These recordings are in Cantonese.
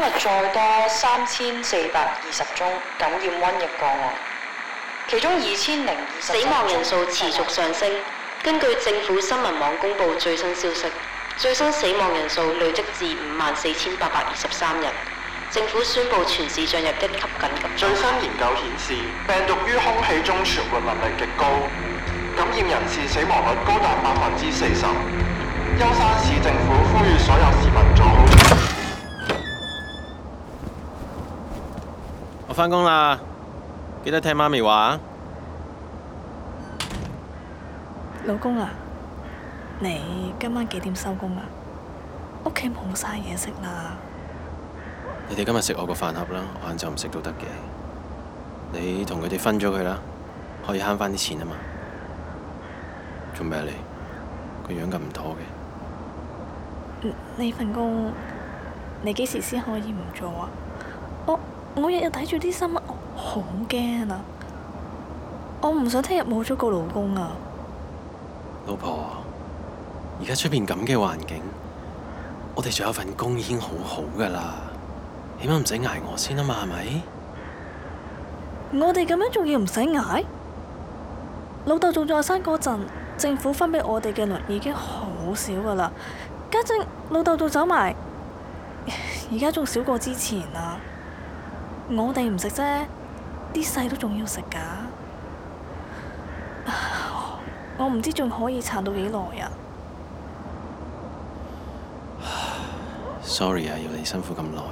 今日再多三千四百二十宗感染瘟疫個案，其中二千零二十死亡，人數持續上升。的根據政府新聞網公布最新消息，最新死亡人數累積至五萬四千八百二十三人。政府宣布全市進入一級緊急，急。最新研究顯示，病毒於空氣中存活能力極高，感染人士死亡率高達百分之四十。丘山市政府呼籲所有市民做好。返工啦！記得聽媽咪話。老公啊，你今晚幾點收工啊？屋企冇晒嘢食啦。你哋今日食我個飯盒啦，晏晝唔食都得嘅。你同佢哋分咗佢啦，可以慳翻啲錢啊嘛。做咩你，你？個樣咁唔妥嘅。你份工你幾時先可以唔做啊？我日日睇住啲新聞，我好驚啊！我唔想聽日冇咗個老公啊！老婆，而家出邊咁嘅環境，我哋仲有份工已經好好噶啦，起碼唔使挨我先啊嘛，係咪？我哋咁樣仲要唔使挨？老豆仲在生嗰陣，政府分俾我哋嘅糧已經好少噶啦，家陣老豆仲走埋，而家仲少過之前啊！我哋唔食啫，啲細都仲要食噶，我唔知仲可以撐到幾耐呀。 Sorry 啊，要你辛苦咁耐，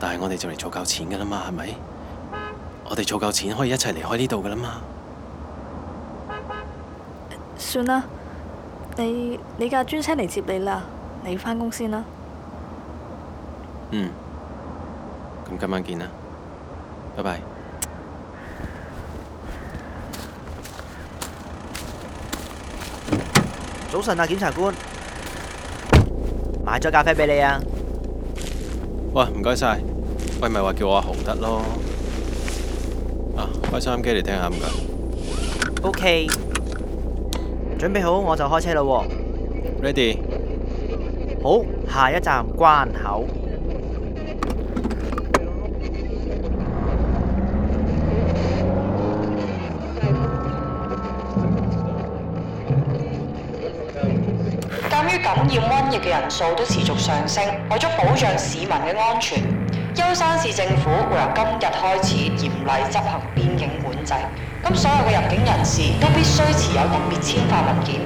但係我哋就嚟儲夠錢噶啦嘛，係咪？我哋儲夠錢可以一齊離開呢度噶啦嘛。算啦，你你架專車嚟接你啦，你翻工先啦。嗯。咁今晚見啦，拜拜。早晨啊，檢察官，買咗咖啡俾你啊。喂，唔該晒。喂，咪話叫我阿洪得咯。啊，開收音機嚟聽下唔該。OK，準備好我就開車啦。Ready。好，下一站關口。感染瘟疫嘅人數都持續上升，為咗保障市民嘅安全，丘山市政府會由今日開始嚴厲執行邊境管制。咁所有嘅入境人士都必須持有特別簽發文件。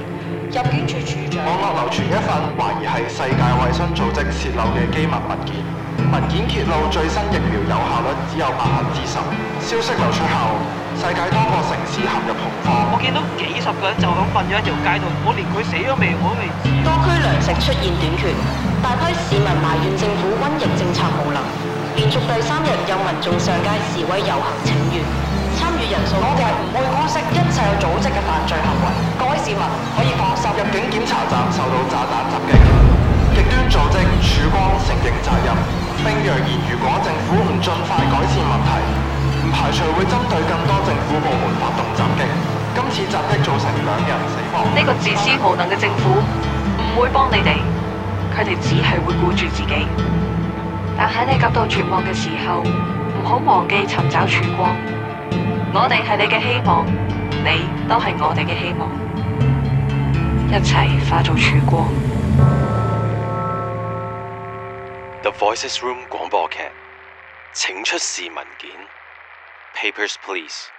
入境處處長。網絡流傳一份懷疑係世界衛生組織泄漏嘅機密文件，文件揭露最新疫苗有效率只有百分之十。消息流出後。世界多個城市陷入恐慌。我見到幾十個人就咁瞓咗一條街度，我連佢死都未，我都未。多區糧食出現短缺，大批市民埋怨政府瘟疫政策無能。連續第三日有民眾上街示威遊行請願，參與人數。我哋唔會姑息一切有組織嘅犯罪行為。各位市民可以放心。入境檢查站受到炸彈襲擊，極端組織曙光承認責任。並揚言，如果政府唔盡快改善問題。不排除會針對更多政府部門發動襲擊。今次襲擊造成兩人死亡。呢個自私無能嘅政府唔會幫你哋，佢哋只係會顧住自己。但喺你急到絕望嘅時候，唔好忘記尋找曙光。我哋係你嘅希望，你都係我哋嘅希望，一齊化做曙光。The Voices Room 廣播劇，請出示文件。Papers Please。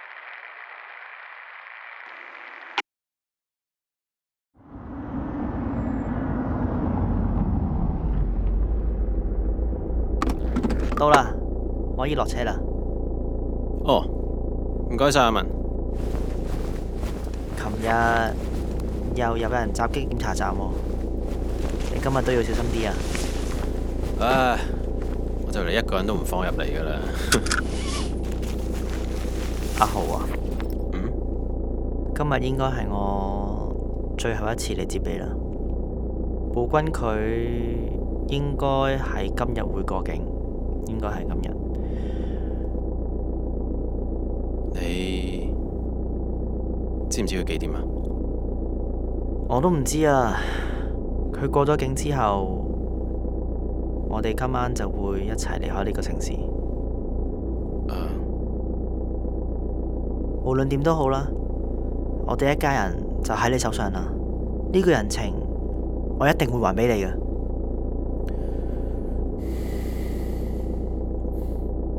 到啦，可以落車啦。哦，唔該晒阿文。琴日又有人襲擊檢查站，你今日都要小心啲啊！唉，我就嚟一個人都唔放入嚟噶啦。阿豪啊，嗯，今日應該係我最後一次嚟接你啦。寶君佢應該喺今日會過境，應該係今日。你知唔知佢幾點啊？我都唔知啊。佢過咗境之後，我哋今晚就會一齊離開呢個城市。無論點都好啦，我哋一家人就喺你手上啦。呢個人情，我一定會還俾你嘅。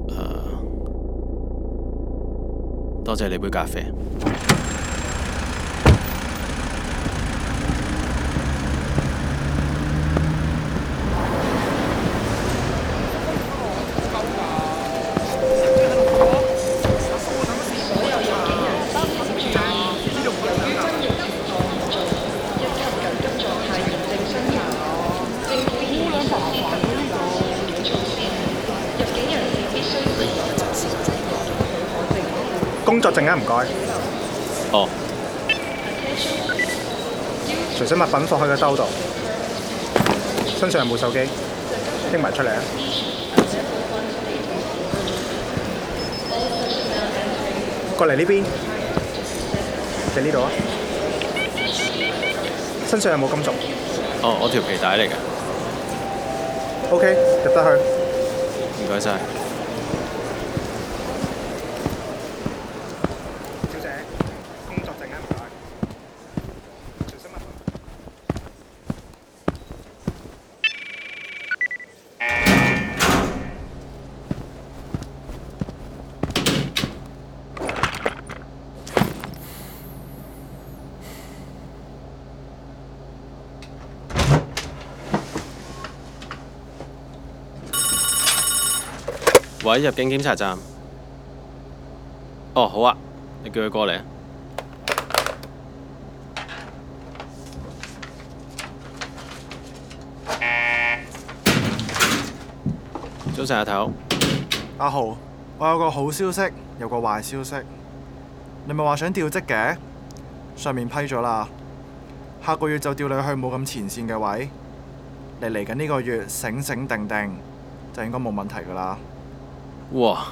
Uh, 多謝你杯咖啡。而家唔該，哦。隨身物品放喺個兜度。身上有冇手機？拎埋出嚟啊！過嚟呢邊。就呢度啊。身上有冇金屬？哦，我條皮帶嚟嘅。OK，入得去。唔該晒。位入境檢查站哦，oh, 好啊，你叫佢過嚟啊。早晨阿頭，阿豪，我有個好消息，有個壞消息。你咪話想調職嘅，上面批咗啦，下個月就調你去冇咁前線嘅位。你嚟緊呢個月醒醒定定，就應該冇問題㗎喇。哇，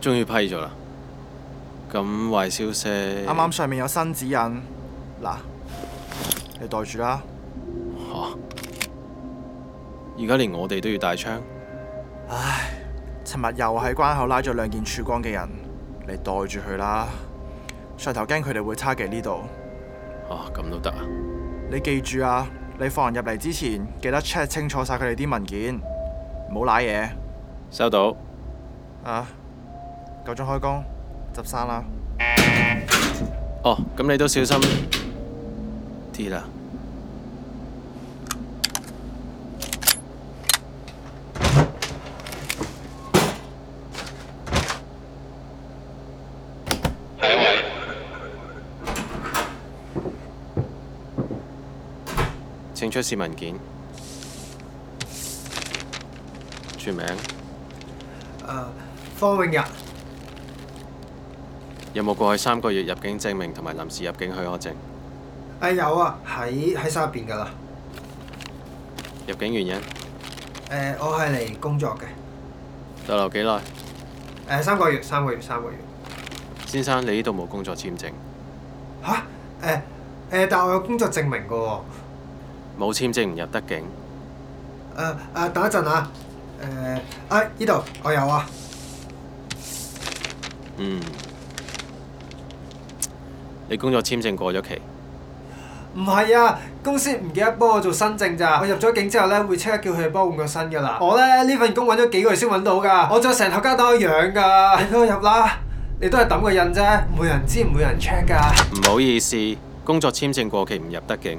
終於批咗啦！咁壞消息，啱啱上面有新指引，嗱，你袋住啦。嚇！而家連我哋都要帶槍。唉，尋日又喺關口拉咗兩件曙光嘅人，你袋住佢啦。上頭驚佢哋會 target 呢度。嚇，咁都得啊？你記住啊，你放人入嚟之前，記得 check 清楚晒佢哋啲文件，唔好賴嘢。收到。啊、uh，夠鐘開工，執生啦。哦，咁你都小心啲啦。係，請出示文件。 全名。Uh 方永逸。有冇過去三個月入境證明同埋臨時入境許可證？誒、啊，有啊，喺喺手入邊噶啦。入境原因？誒、啊，我係嚟工作嘅。逗留幾耐？誒、啊，三個月，三個月，三個月。先生，你呢度冇工作簽證？吓？誒、啊、誒、啊，但係我有工作證明噶。冇簽證唔入得境。誒誒、啊啊，等一陣啊！誒、啊，哎呢度我有啊。嗯，你工作簽證過咗期？唔係啊，公司唔記得幫我做新證咋。我入咗境之後呢，會即刻叫佢哋幫我換個新噶啦。我呢呢份工揾咗幾個月先揾到噶，我仲成頭家都我養噶。你俾我入啦，你都係揼個印啫，冇人知冇人 check 噶。唔好意思，工作簽證過期唔入得境。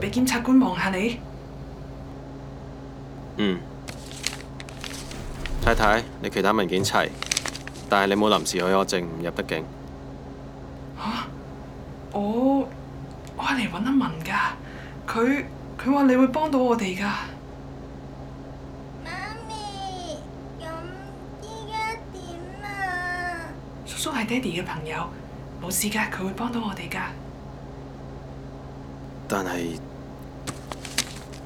俾檢察官望下你。嗯，太太，你其他文件齊，但係你冇臨時許可證，唔入得境。吓，我我係嚟揾阿文噶，佢佢話你會幫到我哋噶。媽咪，咁依家點啊？叔叔係爹哋嘅朋友，冇事噶，佢會幫到我哋噶，但係。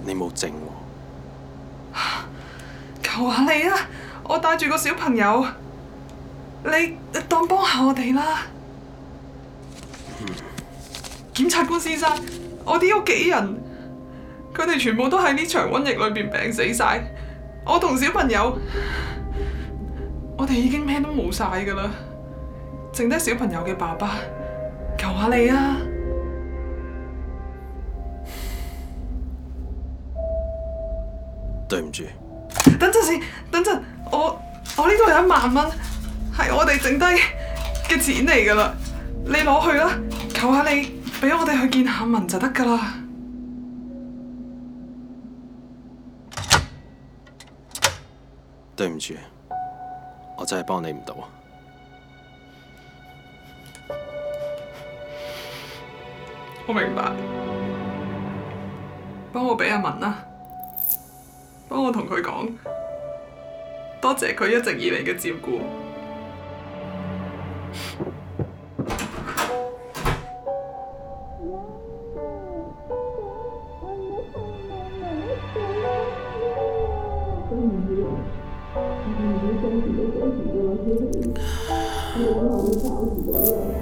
你冇證喎，求下你啊！我帶住個小朋友，你當幫下我哋啦。檢 察官先生，我啲屋企人，佢哋全部都喺呢場瘟疫裏面病死晒。我同小朋友，我哋已經咩都冇晒噶啦，剩低小朋友嘅爸爸，求下你啊！對唔住，等陣先，等陣，我我呢度有一萬蚊，係我哋剩低嘅錢嚟㗎喇，你攞去啦，求下你俾我哋去見下文就得㗎喇。對唔住，我真係幫你唔到。我明白，幫我俾阿文啦。幫我同佢講，多謝佢一直以嚟嘅照顧。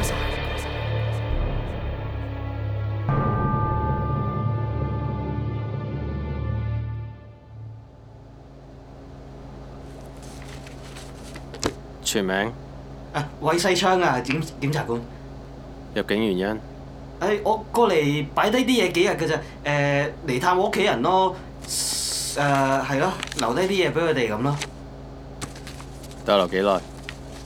全名啊，韋世昌啊，檢檢察官。入境原因？誒、哎，我過嚟擺低啲嘢幾日㗎咋，誒、呃，嚟探我屋企人咯、啊。誒、呃，係咯、啊，留低啲嘢俾佢哋咁咯。逗、啊、留幾耐？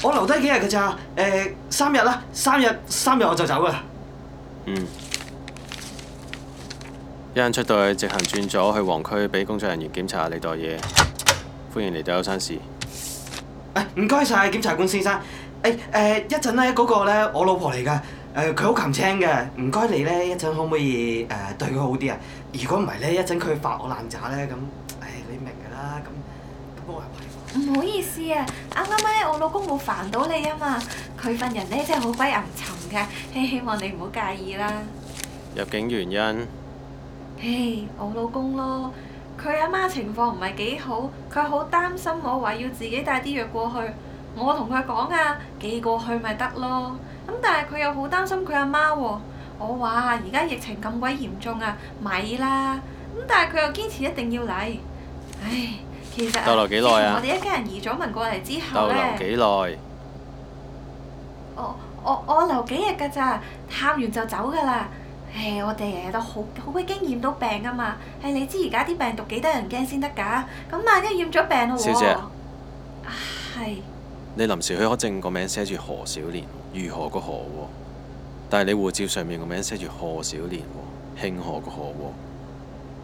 我留低幾日㗎咋？誒、呃，三日啦、啊，三日三日我就走噶啦。嗯。一人出到去直行轉左去黃區，俾工作人員檢查你袋嘢。歡迎嚟到歐山市。誒，唔該晒，檢查官先生。誒、誒一陣咧，嗰、呃嗰個咧我老婆嚟㗎。誒，佢好擒青嘅，唔該你咧一陣可唔可以誒、呃、對佢好啲啊？如果唔係咧，一陣佢發我爛渣咧咁。誒、哎、你明㗎啦，咁不過係唔好意思啊。啱啱咧我老公冇煩到你啊嘛，佢份人咧真係好鬼吟沉嘅，希希望你唔好介意啦。入境原因？誒，我老公咯。佢阿媽情況唔係幾好，佢好擔心我話要自己帶啲藥過去。我同佢講啊，寄過去咪得咯。咁但係佢又好擔心佢阿媽喎。我話而家疫情咁鬼嚴重啊，咪啦。咁但係佢又堅持一定要嚟。唉，其實，逗留幾耐啊？自從我哋一家人移咗民過嚟之後咧，逗留幾耐？我我我留幾日㗎咋，探完就走㗎啦。哎、我哋日日都好好鬼驚染到病啊嘛！誒、哎，你知而家啲病毒幾得人驚先得㗎？咁萬一染咗病嘞喎、啊！小姐，係。你臨時許可證個名寫住何小蓮，如何個何喎？但係你護照上面個名寫住賀小蓮喎，慶賀個賀喎、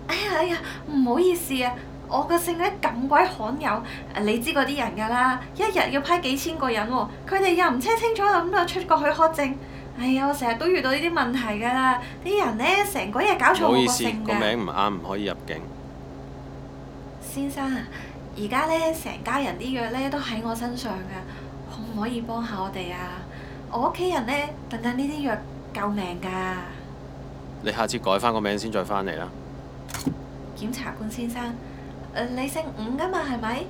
哎？哎呀哎呀，唔好意思啊，我個姓格咁鬼罕有，你知嗰啲人㗎啦，一日要批幾千個人喎，佢哋又唔 check 清，清楚就咁就出個許可證。哎呀，我成日都遇到呢啲問題㗎啦！啲人呢，成個一日搞錯個姓名。唔好意思，個名唔啱，唔可以入境。先生啊，而家呢，成家人啲藥呢都喺我身上㗎，可唔可以幫下我哋啊？我屋企人呢，等緊呢啲藥救命㗎。你下次改翻個名先再返嚟啦。檢察官先生，呃、你姓伍㗎嘛係咪？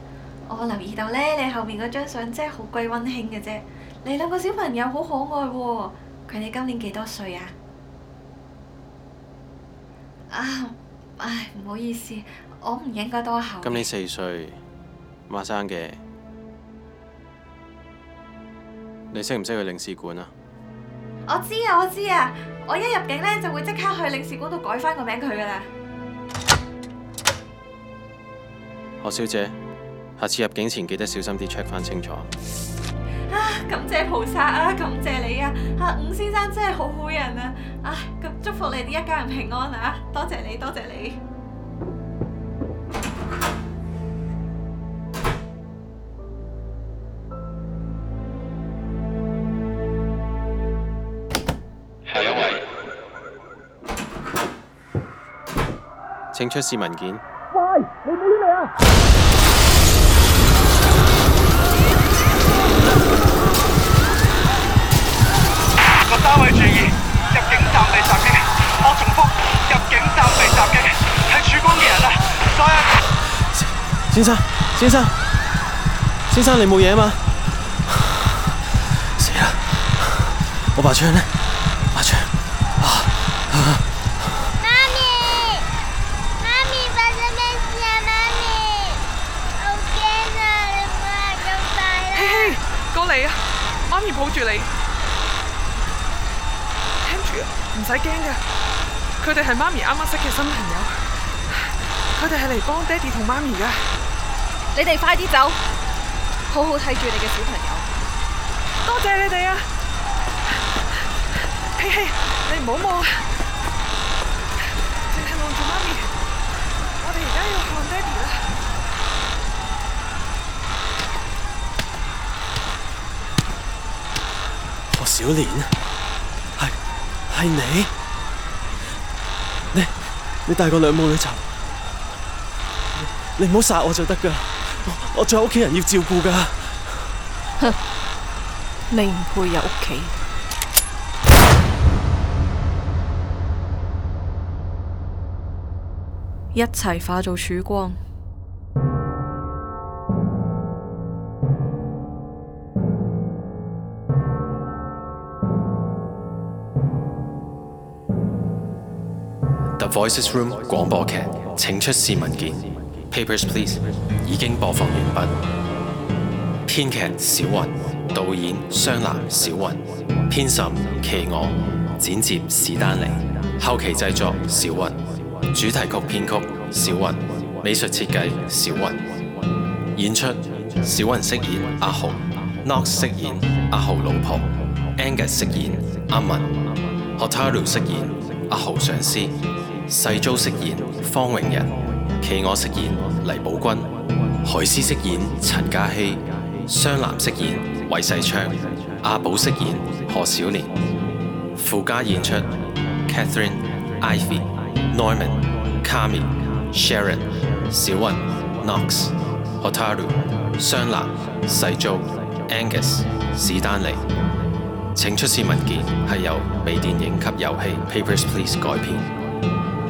我留意到呢，你後面嗰張相真係好鬼温馨嘅啫，你兩個小朋友好可愛喎、啊。佢哋今年幾多歲啊？啊，唉，唔好意思，我唔應該多口。今年四歲，馬生嘅。你識唔識去領事館啊？我知啊，我知啊，我一入境咧就會即刻去領事館度改翻個名佢㗎喇。何小姐，下次入境前記得小心啲 check 翻清楚。啊！感謝菩薩啊！感謝你啊！啊！伍先生真係好好人啊！唉，咁祝福你哋一家人平安啊！多謝你，多謝你。係兩位，請出示文件。喂，你冇出嚟啊！各單位注意，入境站被襲擊。我重複，入境站被襲擊，係曙光嘅人啊！所有先生，先生，先生，你冇嘢啊嘛？死啦 ！我把槍呢？把槍。媽、啊、 咪，媽咪，發生咩事啊？媽咪，好驚啊！你唔好咁快啦、啊。嘿嘿，過嚟啊！媽咪抱住你。唔使驚㗎，佢哋係媽咪啱啱識嘅新朋友，佢哋係嚟幫爹哋同媽咪㗎。你哋快啲走，好好睇住你嘅小朋友。多謝你哋啊，嘿嘿，你唔好望，啊！淨係望住媽咪。我哋而家要望爹哋啦。我小蓮。係你，你你帶個兩母女走，你唔好殺我就得噶啦，我我仲有屋企人要照顧噶。哼，你唔配有屋企，一齊化做曙光。Voices Room 廣播劇，請出示文件。Papers Please，已經播放完畢。編劇小魂，導演湘藍小魂，編審企鵝，剪接史丹尼，後期製作小魂，主題曲編曲小魂，美術設計小魂，演出小魂飾演阿豪，Nox 飾演阿豪老婆，Angus 飾演阿文，Hotaru 飾演阿豪上司。細 joe 飾演方永逸，企鵝飾演黎寶君，海獅飾演陳家希，湘藍飾演韋世昌，阿寶飾演賀小蓮。附加演出：Catherine、Ivy、Norman、Kami、Sharon、小魂、Nox、Hotaru、湘藍、細 joe、Angus、史丹尼。請出示文件，係由微電影及遊戲《Papers Please》改編。